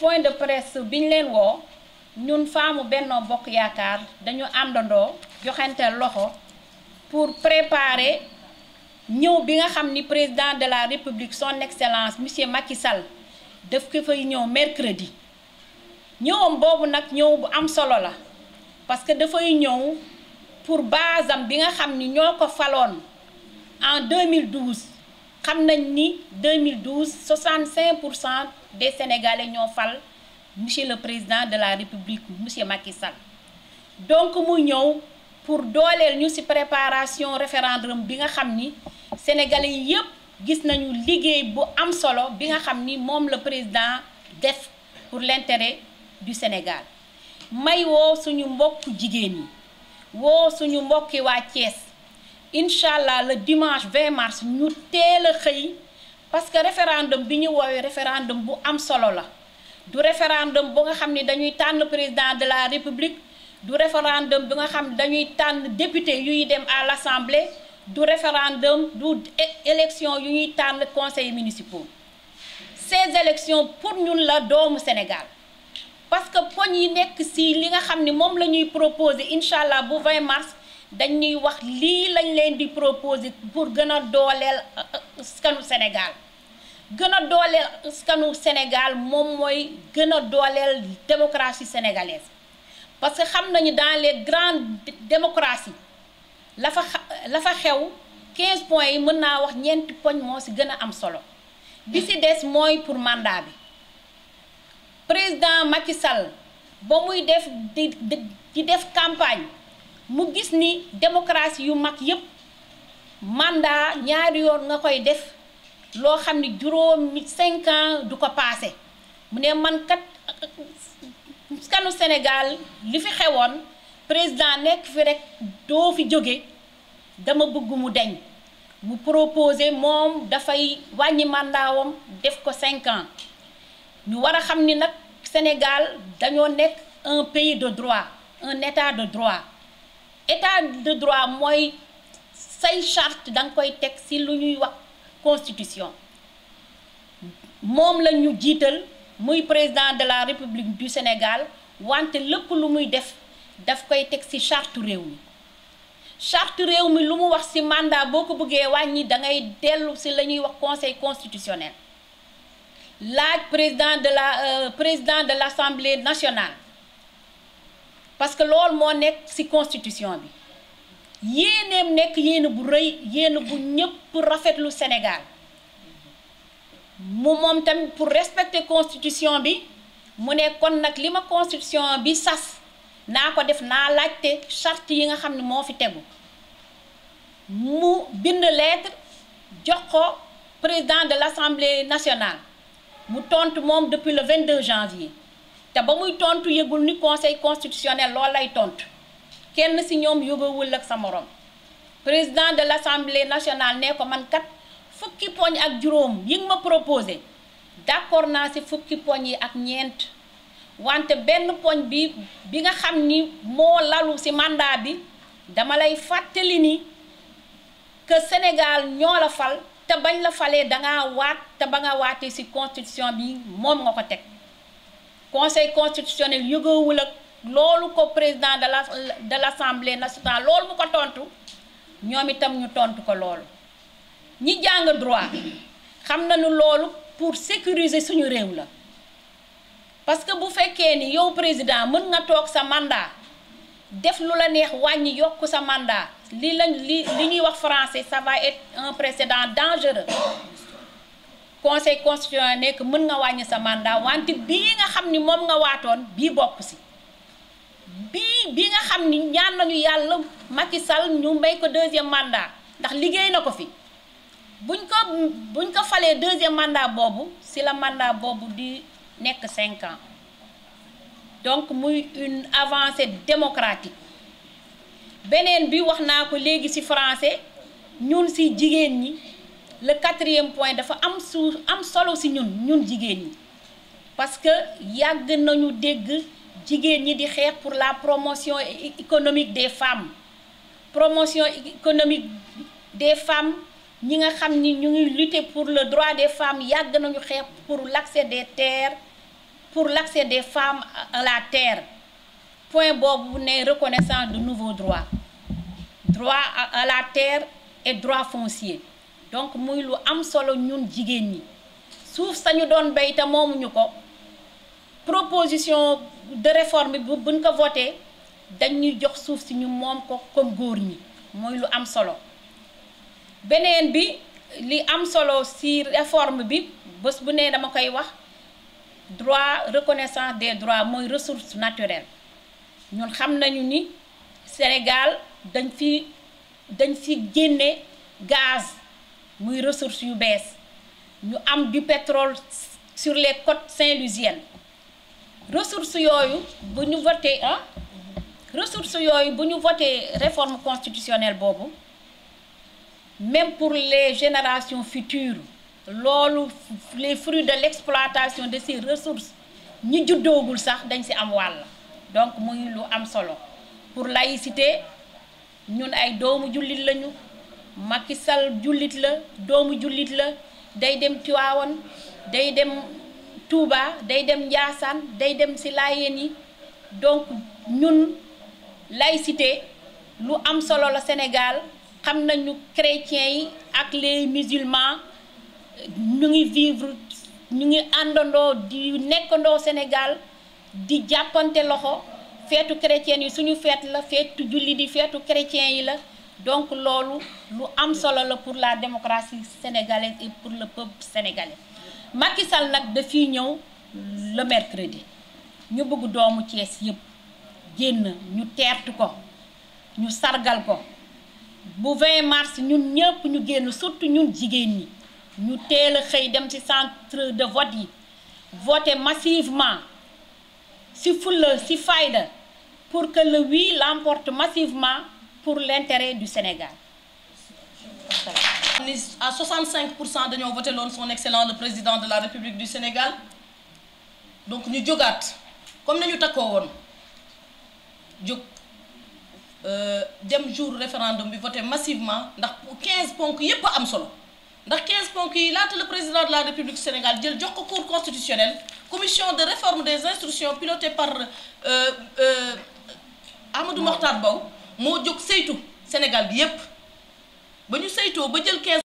point de presse bi ñu leen woo ñun faamu Benno Bokk Yaakaar dañu àndandoo joxante loxo pour préparer ñëw bi nga xam ni président de la république son excellence monsieur Macky Sall daf ko fay ñëw mercredi ñëwam boobu nag ñëw bu am solo la parce que dafay ñëw pour basam bi nga xam ni ñoo ko faloon en 2012 xam nañ ni 2012 65 pour cent des sénégalais ñoo fal monsieur le président de la république monsieur Macky Sall donc mu ñëw pour dooleel ñu ci préparation référendum bi nga xam ni sénégalais yi yëpp gis nañu liggéey bu am solo bi nga xam ni moom la président des pour l'intérêt du Sénégal may woo suñu mbokk jigéen yi woo suñu mbokki waa Thiès. incha allah le dimanche 20 mars ñu teel xëy parce que référendum bi ñu woowee référendum bu am solo la du référendum bu nga xam ni dañuy tànn président de la république du référendum bi nga xam ne dañuy tànn député yuy dem à l' assemblée du référendum du élection yu ñuy tànn conseil municipal ces élections pour ñun la doomu Sénégal parce que poñ yi nekk si li nga xam ni moom la ñuy proposé incha allah bu 20 mars dañuy wax lii lañ leen di proposer pour gën a dooleel euh, askanu Sénégal gën a dooleel askanu Sénégal moom mooy gën a dooleel démocratie sénégalaise parce que xam nañu dans les grandes démocraties la fa xew 15 points yi mën naa wax ñeenti poñ moo ci gën a am solo bi ci des mooy pour mandat bi président Macky Sall ba muy def di di def campagne mu gis ni démocratie yu mag yépp mandat ñaari yoon nga koy def loo xam ne juróomi cinq ans du ko passé mu ne man kat kanu Sénégal li fi xewoon président nekk fi rekk doo fi jóge dama bëgg mu deñ mu proposé moom dafay wàññi mandaawam def ko cinq ans ñu war a xam ni nag Sénégal dañoo nekk un pays de droit un état de droit état de droit mooy say charte da nga koy teg ci lu ñuy wax constitution moom la ñu jiital muy président de la république du Sénégal wante lépp lu muy def daf koy teg ci charte réew mi charte réew mi lu mu wax ci mandat boo ko bëggee wàññi da ngay dellu ci la ñuy wax conseil constitutionnel laaj président de la euh, président de l'assemblée nationale parce que loolu moo nekk ci constitution bi yéeneem nekk yéene bu rëy yéene bu ñëpp rafetlu Sénégal mu moom tamit pour respecter constitution bi mu ne kon nag li ma constitution bi sas naa ko def naa laajte charte yi nga xam ne moo fi tegu mu bind lettre jox ko président de l'Assemblée nationale mu tontu moom depuis le 22 janvier. te ba muy tontu yëgul ni conseil constitutionnel loolu lay tontu kenn ci ñoom yóbbawul ak sa morom président de l'assemblée nationale ne ko mankat fukki poñ ak juróom yi nga ma proposé d'accord naa ci fukki poñ yi ak ñeent wante benn poñ bi bi nga xam ni moo lalu ci mandat bi dama lay fàttali ni que Sénégal ñoo la fal te bañ la falee da waat te ba nga waatee ci constitution bi moom nga ko teg. conseil constitutionnel yëgawul ak loolu ko président de la de l'Assemblée nationale loolu mu ko tontu ñoom itam ñu tontu ko loolu ñi jàng droit xam nañu loolu pour sécuriser suñu réew la parce que bu fekkee ni yow président mën nga toog sa mandat def lu la neex wàññi yokk sa mandat li la li li ñuy wax français ça va être un précédent dangereux conseil constitutionnel nekk mën nga wàññi sa mandat wante bii nga xam ni moom nga waatoon bii bokk si bii bi nga xam ni ñaan nañu yàlla Macky Sall ñu mbay ko deuxième mandat ndax liggéey na ko fi buñ ko buñ ko falee deuxième mandat boobu si la mandat boobu di nekk cinq donc muy une avancée démocratique beneen bi wax naa ko léegi si français ñun si jigéen ñi le quatrième point dafa am su am solo si ñun ñun jigéen ñi parce que yàgg nañu dégg jigéen ñi di xeex pour la promotion économique des femmes promotion économique des femmes ñi nga xam ni ñu ngi lutter pour le droit des femmes yàgg nañu xeex pour l'accès des terres pour l'accès des femmes à la terre point boobu ne reconnaissance de nouveaux droits droit à la terre et droit foncier donc muy lu am solo ñun jigéen ñi suuf sañu doon béy te moomuñu ko proposition de réforme bu buñ ko voté dañuy jox suuf si ñu moom ko comme góor ñi mooy lu am solo beneen bi li am solo si réforme bi bés bu nee dama koy wax droit reconnaissance des droit mooy resource naturelles ñun xam nañu ni Sénégal dañ fi dañ fi génne gaz muy ressource yu bees ñu am du pétrole sur les côtes saint-louisiennes ressource yooyu bu ñu voté ah ressource yooyu bu ñu voté réforme constitutionnelle boobu même pour les générations futures loolu les fruits de l'exploitation de ces ressources ñi juddoogul sax dañ ci am wàll donc muy lu am solo pour laïcité ñun ay doomu jullit lañu Macky Sall jullit la doomu jullit la day dem Tiwaawan day dem tuuba day dem Njaasaan day dem si Laayeen yi donc ñun laïcité lu am solo la senegaal xam nañu chrétiens yi ak les musulmans ñu ngi vivre ñu ngi àndandoo di nekkandoo Sénégal di jàppante loxo feetu chrétiens yi suñu feet la feetu jullit yi feetu chrétiens yi la donc loolu lu am solo la pour la démocratie sénégalaise et pour le peuple sénégalais Macky Sall nag dafiy ñëw le mercredi ñu bëgg doomu Thiès yëpp génn ñu teertu ko ñu sargal ko bu 20 mars ñun ñëpp ñu génn surtout ñun jigéen ñi ñu teel a xëy dem ci centre de vote yi voter massivement ci fulla ci fayda pour que le oui l'emporte massivement pour l'intérêt du Sénégal ni à 65 pour cent dañoo voté loon son excellent le président de la République du Sénégal donc ñu jógaat comme nañu takkoo woon jóg euh, dem jour référendum bi voté massivement ndax 15 ponk yépp am solo ndax 15 ponk yi laata le président de la République du Sénégal jël jox ko cour constitutionnelle commission de réforme des institutions pilotée par euh, euh, Amadou Mokhtar Mbow moo jóg saytu Sénégal bi yépp ba ñu saytoo ba jël 15